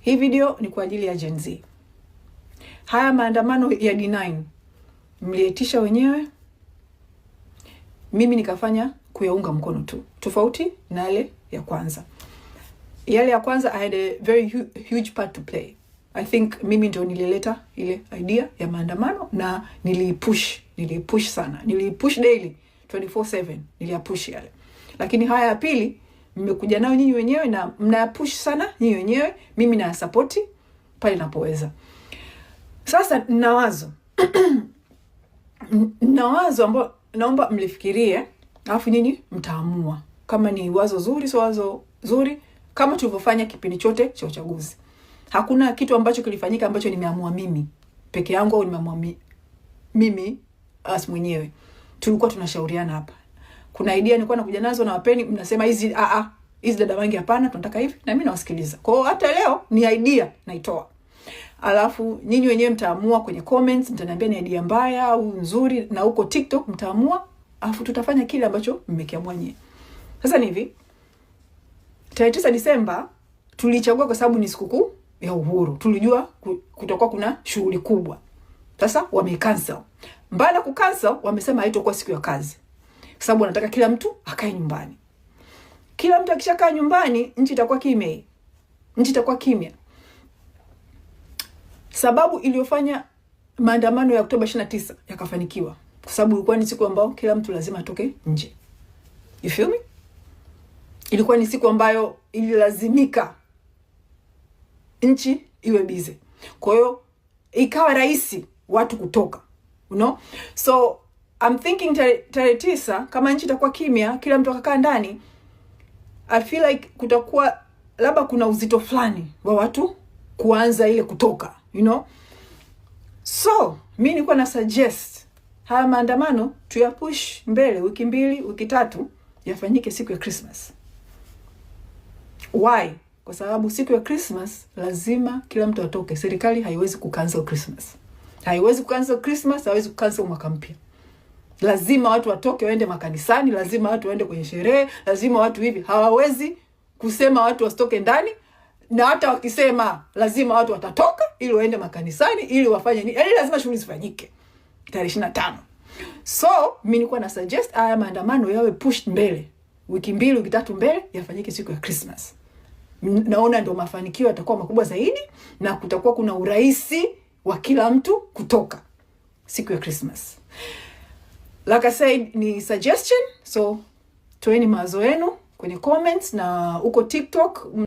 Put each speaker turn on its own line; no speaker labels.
Hii video ni kwa ajili ya Gen Z. Haya maandamano ya D9 mliitisha wenyewe, mimi nikafanya kuyaunga mkono tu, tofauti na yale ya kwanza. Yale ya kwanza I had a very huge part to play. I think mimi ndio nilileta ile idea ya maandamano na niliipush, niliipush sana, niliipush daily 24/7 niliapush yale, lakini haya ya pili mmekuja nayo nyinyi wenyewe na mnayapush sana nyinyi wenyewe, mimi nayasapoti pale napoweza. Sasa nina wazo nina wazo ambao naomba mlifikirie, alafu nyinyi mtaamua kama ni wazo zuri, sio wazo zuri, kama tulivyofanya kipindi chote cha uchaguzi. Hakuna kitu ambacho kilifanyika ambacho nimeamua mimi peke yangu au nimeamua mimi as mwenyewe. Tulikuwa tunashauriana hapa, kuna idea nilikuwa nakuja nazo na wapeni, mnasema hizi a ah, a ah, hizi dada wangi, hapana, tunataka hivi, na mimi nawasikiliza. Kwa hiyo hata leo ni idea naitoa, alafu nyinyi wenyewe mtaamua kwenye comments, mtaniambia ni idea mbaya au nzuri, na huko TikTok mtaamua, alafu tutafanya kile ambacho mmekiamua nyinyi. Sasa ni hivi, tarehe tisa Disemba tulichagua kwa sababu ni sikukuu ya uhuru, tulijua kutakuwa kuna shughuli kubwa. Sasa wamekancel. Mbali na kukancel, wamesema haitakuwa siku ya kazi kwa sababu anataka kila mtu akae nyumbani. Kila mtu akishakaa nyumbani, nchi itakuwa kimya, nchi itakuwa kimya. Sababu iliyofanya maandamano ya Oktoba 29 yakafanikiwa kwa sababu ilikuwa ni siku ambayo kila mtu lazima atoke nje. You feel me? Ilikuwa ni siku ambayo ililazimika nchi iwe bize, kwa hiyo ikawa rahisi watu kutoka, you know? So I'm thinking tarehe tisa, kama nchi itakuwa kimya, kila mtu akakaa ndani, I feel like kutakuwa labda kuna uzito fulani wa watu kuanza ile kutoka, you know. So mi nilikuwa na suggest haya maandamano tuyapush mbele wiki mbili, wiki tatu, yafanyike siku ya Christmas. Why? Kwa sababu siku ya Christmas lazima kila mtu atoke. Serikali haiwezi kukansel Christmas, haiwezi kukansel Christmas, haiwezi kukansel mwaka mpya lazima watu watoke waende makanisani, lazima watu waende kwenye sherehe, lazima watu hivi. Hawawezi kusema watu wasitoke ndani, na hata wakisema lazima watu watatoka ili waende makanisani ili wafanye nini, Yani lazima shughuli zifanyike tarehe ishirini na tano. So mi nilikuwa na suggest haya maandamano yawe pushed mbele wiki mbili wiki tatu mbele, yafanyike siku ya Christmas. Naona ndio mafanikio yatakuwa makubwa zaidi, na kutakuwa kuna urahisi wa kila mtu kutoka siku ya Christmas. Like I said, ni suggestion, so toeni mawazo yenu kwenye comments na uko TikTok